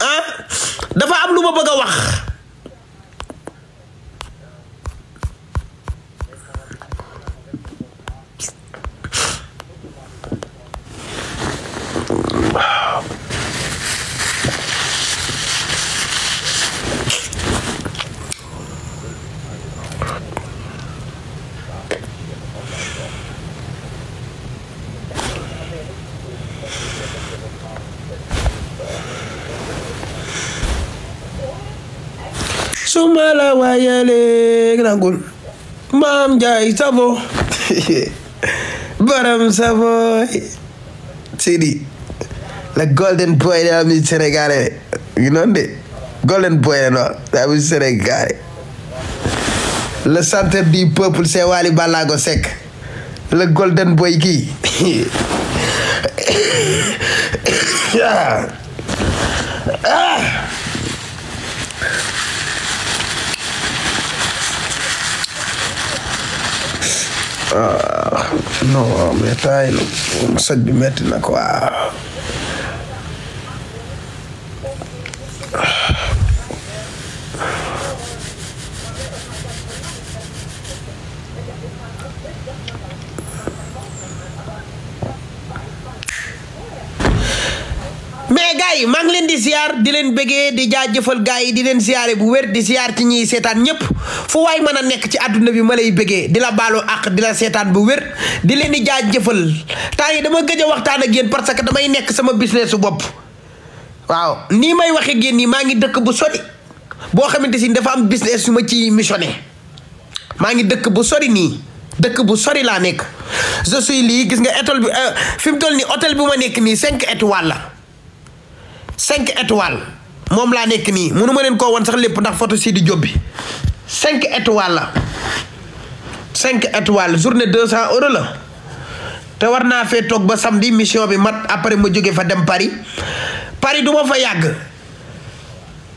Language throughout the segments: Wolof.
ah dafa am lu ma bëgg a wax suma la waayalee nangul maam la golden boy de ami Sénégalais de golden boy de no de ami Sénégalais le centre du peuple c'est Wally Ballago Seck le golden boy kii Ah, non mais taay soj bi metti na quoi. mais gars yi maa ngi leen di ziar di leen bëggee di jaajëfal gars yi di leen ziare bu wér di ziar ci ñiy seetaan ñëpp fu waay mën a nekk ci àdduna bi ma lay bëggee di la baalu àq di la seetaan bu wér di leen di jëfal temps yi dama gëj a waxtaan ak génn parce que damay nekk sama business su bopp waaw nii may waxee génn nii maa ngi dëkk bu sori boo xamante si dafa am business su ci missionné maa ngi dëkk bu sori nii dëkk bu sori laa nekk je suis lii gis nga étoile bi euh, fi mu toll ni hôtel bi ma nekk nii cinq étoiles la. cinq étoiles moom laa nekk nii mënu leen koo won sax lépp ndax photo si di jóbbi cinq étoiles la cinq étoiles journée deux cent euros la te war naa fee toog ba samedi mission bi mat après ma jóge fa dem Paris Paris du ma fa yàgg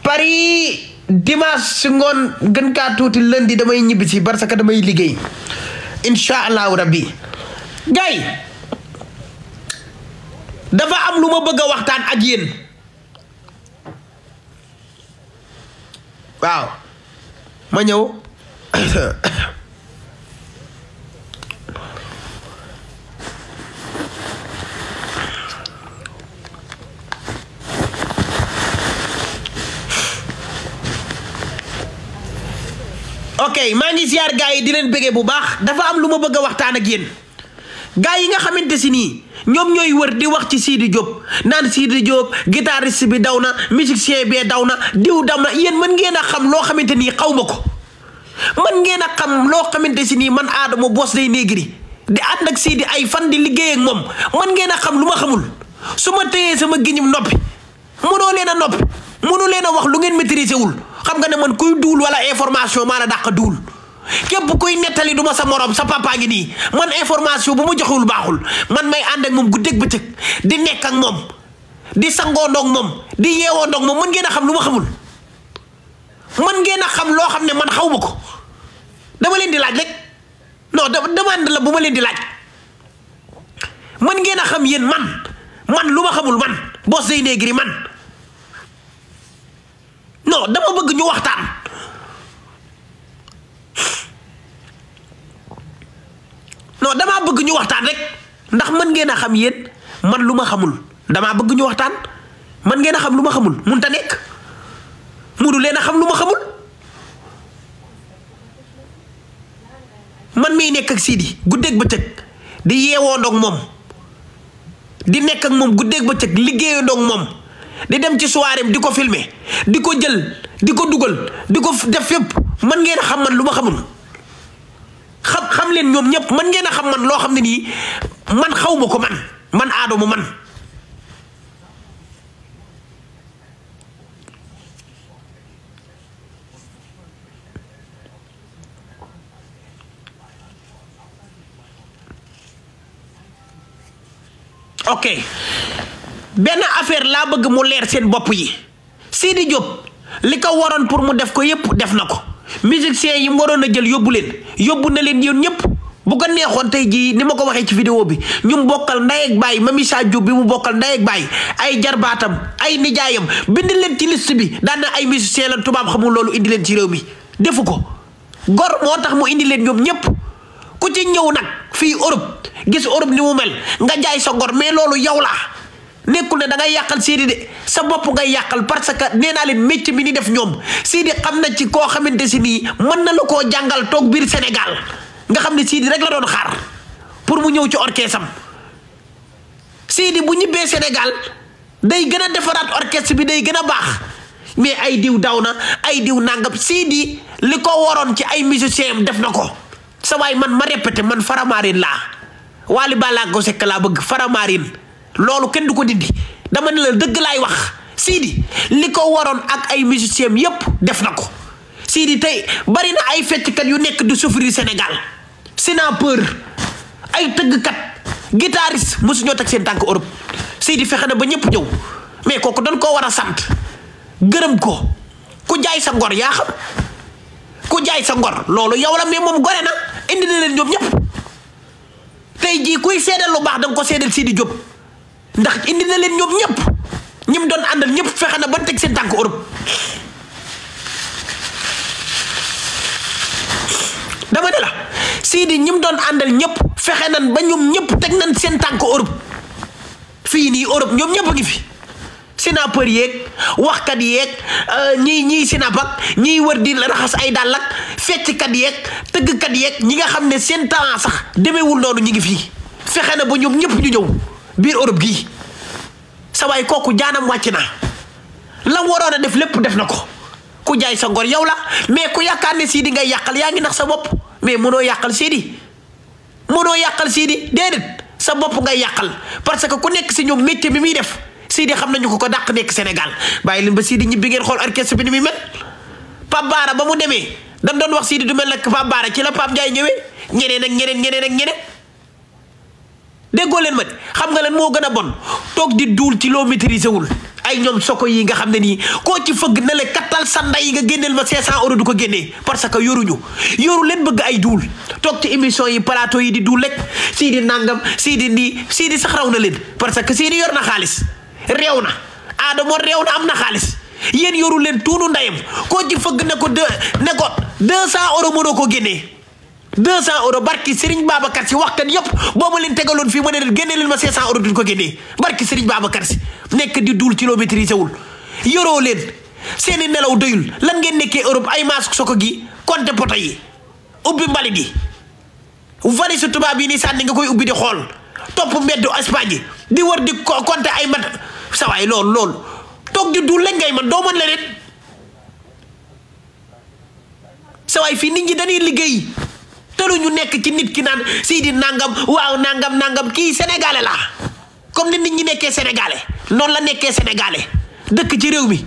Paris dimanche si ngoon gën kaa tuuti lundi damay ñibbi si parce que damay liggéey incha allahu rabbi gay dafa am lu ma bëgg a waxtaan ak yéen. waaw ma ñëw ok maa ngi ziar gars yi di leen bëggee bu baax dafa am lu ma bëgg a waxtaan ak yéen gaa yi nga xamante si nii ñoom ñooy wër di wax ci siidi Diop naan Sidi Diop guitariste bi daw na musicien bi daw na diw dama na yéen mën ngeen a xam loo xamante nii xaw ma ko mën ngeen a xam loo xamante si nii man aadama boos Day néegri di ànd ak Sidi ay fan di liggéey moom mën ngeen a xam lu ma xamul su ma téyee sama géñum noppi mënoo leen a noppi mënoo leen a wax lu ngeen maîtriser wul xam nga ne man kuy duul wala information maa la dàq duul képp kuy nettali du ma sa moroom sa papa ngi nii man information bu ma joxewul baaxul man may ànd ak moom ba bëccëg di nekk ak moom di sangoo ndoog moom di yeewoo ndoog moom mën ngeen a xam lu ma xamul mën ngeen xam loo xam ne man xaw ma ko dama leen di laaj rek non demande la bu ma leen di laaj mën ngeen a xam yéen man man lu ma xamul man Boss Zeyné Gris man non dama bëgg ñu waxtaan. bëgg ñu waxtaan rek ndax mën ngeen a xam yéen man lu ma xamul damaa bëgg ñu waxtaan man ngeen a xam lu ma xamul mun ta nekk munu leen a xam lu ma xamul man miy nekk ak Sidi guddeeg bëccëg di yeewoo yeewoondoog moom di nekk ak moom guddeeg bëccëg liggéeyandoog moom di dem ci soirée di ko filmer di ko jël di ko dugal di ko def fépp man ngeen a xam man lu ma xamul xam leen ñoom ñëpp man ngeen a xam man loo xam ne nii man xaw ma ko man man aadama man ok benn affaire laa bëgg mu leer seen bopp yi Sidi Diop li ko waroon pour mu def ko yépp def na ko musiciens yi mu waroon a jël yóbbu leen yóbbu na leen yéen ñëpp bu ko neexoon tey jii ni ma ko waxee ci vidéo bi ñu mu bokkal ndey ma baay Mamy Sadio bi mu bokkal ndey ak ay jarbaatam ay nijaayam bind leen ci liste bi daan na ay musiciens lan tubaab xamul loolu indi leen ci réew mi defu ko gor moo tax mu indi leen ñoom ñëpp ku ci ñëw nag fii Europe gis Europe ni mu mel nga jaay sa ngor mais loolu yow laa nekkul ne dangay yàqal Sidi de sa bopp ngay yàqal parce que nee naa leen métier mi ni def ñoom Sidi xam na ci koo xamante si nii mën na la koo jàngal toog biir Sénégal nga xam ne Sidi rek la doon xaar pour mu ñëw ci orchestre am Sidi bu ñibbee Sénégal day gën a defaraat orchestre bi day gën a baax mais ay diw daw na ay diw nangam Sidi li ko waroon ci ay musiciens def na ko sa waay man ma répété man Faramarine laa Wally Ballago Seck laa bëgg Faramarine loolu kenn du ko dindi dama ne la dëgg laay wax Sidi li ko waroon ak ay musiciens yépp def na ko Sidi tey bari na ay fecckat yu nekk di souffrir Sénégal sinapeur ay tëggkat guitariste mosu ñoo teg seen tànk Europe Sidi fexe na ba ñëpp jëw mais kooku dañ koo war a sant gërëm ko ku jaay sa ngor yaa xam ku jaay sa ngor loolu yow la mais moom gore na indi na leen ñoom ñëpp tey jii kuy seedal lu baax da nga ko seedal di Diop. ndax indi na leen ñoom ñëpp ñi mu doon àndal ñëpp fexe na ba teg seen tànk Europe dama la Sidi ñi doon àndal ñëpp fexe nan ba ñoom ñëpp teg nañ seen tànk Europe fii nii Europe ñoom ñëpp a ngi fi sinapeur yeeg waxkat yeeg euh, ñii ñii sinap ak ñiy wër di raxas ay dàll ak fecckat yeeg tëggkat yeeg ñi nga xam ne seen talent sax demeewul noonu ñu ngi fii fexe na ba ñoom ñëpp ñu ñëw. biir Europe gii sa waay kooku jaanam wàcc na lam waroon a def lépp def na ko ku jaay sa ngor yow la mais ku yaakaar ne Sidi ngay yàqal yaa ngi nax sa bopp mais mënoo yàqal Sidi mënoo yàqal Sidi déedéet sa bopp ngay yàqal parce que ku nekk si ñoom métier bi muy def Sidi xam nañu ko ko dàq nekk Sénégal bàyyi leen ba Sidi ñibbi ngeen xool orchestre bi ni muy mel Pape Bara ba mu demee dañ doon wax Sidi du mel nag Pape Bara ci la Pape njaay ñëwee ñeneen ak ñeneen ñeneen ak ñeneen. déggoo leen ma de xam nga leen moo gën a bon toog di duul ci loo maîtriser wul ay ñoom soko yi nga xam ne nii koo ci fëgg na le kattal sanda yi nga génneel ma 500 euros du ko génnee parce que yoruñu yoru leen bëgg ay duul toog ci émission yi plateau yi di duul rek sii di nangam sii di nii sii di sax raw na leen parce que sii di yor na xaalis réew na aadama réew na am na xaalis yéen yoru leen tuunu ndayam koo ci fëgg ne ko deux ne ko 200 euros mënoo ko génnee. 200 euros barki Serigne Babacar si waxkat yëpp boo ma leen tegaloon fii ma ne leen génne leen ma 500 euros barki Serigne Babacar si nekk di duul kilométrisé wul yoroo leen seeni nelaw doyul lan ngeen nekkee Europe ay maas soko gi compté poto yi ubbi mbalit yi valisu tubaab yi ni sànni nga koy ubbi di xool topp mbeddu Espagne yi di war di compté ay mat sawaay lool lool toog di duul lañ ngay man doo mën leneen sawaay fii nit ñi dañuy liggéey tëlu ñu nekk ci nit ki naan sii di nangam waaw nangam nangam kii sénégalais la comme ni nit ñi nekkee sénégalais noonu la nekkee sénégalais dëkk ci réew mi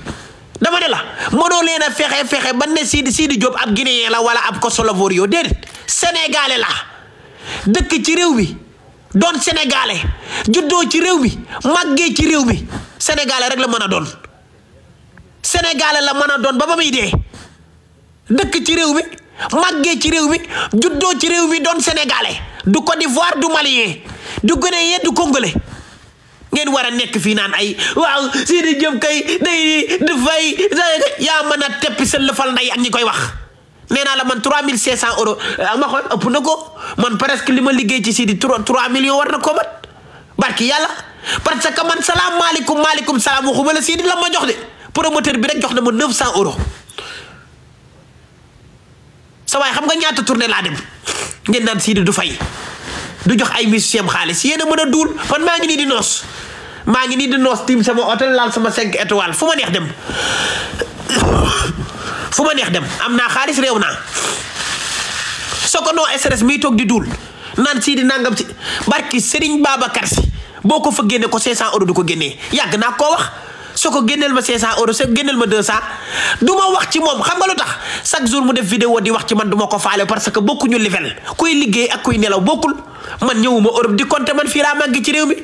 dama ne la mënoo leen a fexe fexe ba ne Sidi Sidi Diop ab guinéen la wala ab kosovorio déedéet sénégalais la dëkk ci réew mi doon sénégalais juddoo ci réew mi màggee ci réew mi sénégalais rek la mën a doon la mën a doon ba ba muy dee dëkk ci réew mi. màggee ci réew mi juddoo ci réew mi doon sénégalais du Côte d'Ivoire du malien du guinéen du congolais ngeen war a nekk fii naan ay waaw Sidi Diop kay day dafay yaa man a teppi sa lëfal nday ak ñi koy wax nee naa la man 3500 euros ah, ma xool ëpp na ko man presque li ma liggéey ci Sidi 3 3 millions war na ko mat barki yàlla parce que man salaamaaleykum maaleykum salaam waxuma la Sidi la ma jox de promoteur bi rek jox na ma 900 euros. sa xam nga ñaata tournée laa dem ngeen naan Sidi du fay du jox ay musicien xaalis yéen a mën a duul man maa ngi nii di noos maa ngi nii di noos tiim sama hôtel laal sama 5 étoiles fu ma neex dem fu ma neex dem am naa xaalis réew naa soo ko noo stress miy toog di duul naan di nangam ci barki Serigne Babacar si boo ko fa génne ko 500 euros du ko génnee yàgg naa koo wax. soo ko génneel ma 500 euros soo ko ma 200 du ma wax ci moom xam nga lu tax chaque jour mu def vidéo di wax ci man duma ko faale parce que bokkuñu level kuy liggéey ak kuy nelaw bokkul man ñëwuma Europe di compter man fii laa màgg ci réew mi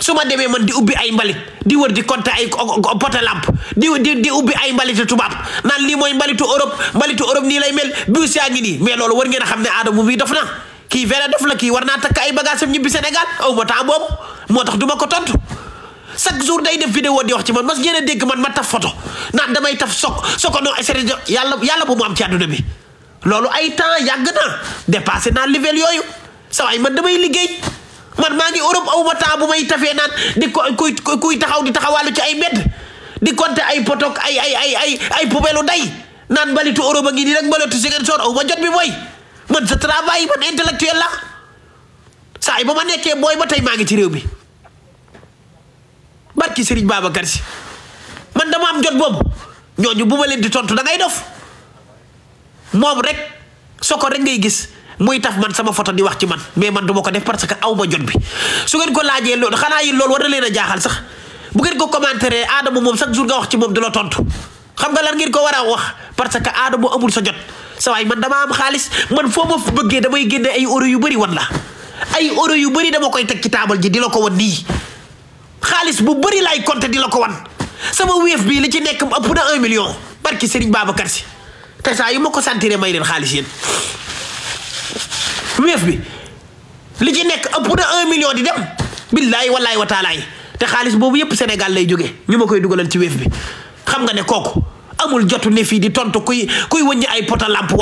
su ma demee man di ubbi ay mbalit di war di compter ay pote lampe di di di ubbi ay mbalitu tubaab naan lii mooy mbalitu Europe mbalitu Europe nii lay mel bu si ngi nii mais loolu war ngeen a xam ne aadama bi dof na kii verre dof la kii naa takk ay bagages am ñibbi Sénégal aw ma temps moo tax du ko tontu. chaque jour day def vidéo di wax ci man mas ngeen a dégg man ma taf foto naan damay taf sok sokono srd yàlla yàlla bu mu am ci àdduna bi loolu ay temps yàgg na dépassé naa level yooyu sawaay man damay liggéey man maa ngi Europe awma temps bu may tafee naan di ko kuy kuy taxaw di taxawàllu ci ay mbedd di compter ay potok ay ay ay ay ay poubelle day naan balitu Europe a ngi nii rek mbalitu Ziguinchor aw ma jot bi booy man sa travail man intellectuel la saa yi ba ma nekkee booy ba maa ngi ci réew mi barki Serigne Babacar si man dama am jot boobu ñooñu bu ma leen di tontu da ngay dof moom rek soo ko rek ngay gis muy taf man sama photo di wax ci man mais man du ko def parce que aw ma jot bi su ngeen ko laajee loolu xanaa yi loolu war leen a jaaxal sax bu ngeen ko commentaire aadama moom chaque jour nga wax ci moom du la tontu xam lan ngeen ko war a wax parce que aadama amul sa jot sa man dama am xaalis man foo ma bëggee damay génne ay ore yu bëri wan la ay ore yu bëri dama koy teg ci taabal ji di la ko wan nii. xaalis bu bari laay compter di la ko wan sama weef bii li ci nekk ëpp na un million barki Serigne Babacar si te saa yu ma ko santiré may leen xaalis yéen wéef bi li ci nekk ëpp na un million di dem billaay wallaay wa taalaay te xaalis boobu yëpp senegal lay jóge ñu ma koy dugalal ci wéef bi xam nga ne kooku amul jotu ne fii di tontu kuy kuy wëññi ay poto lamp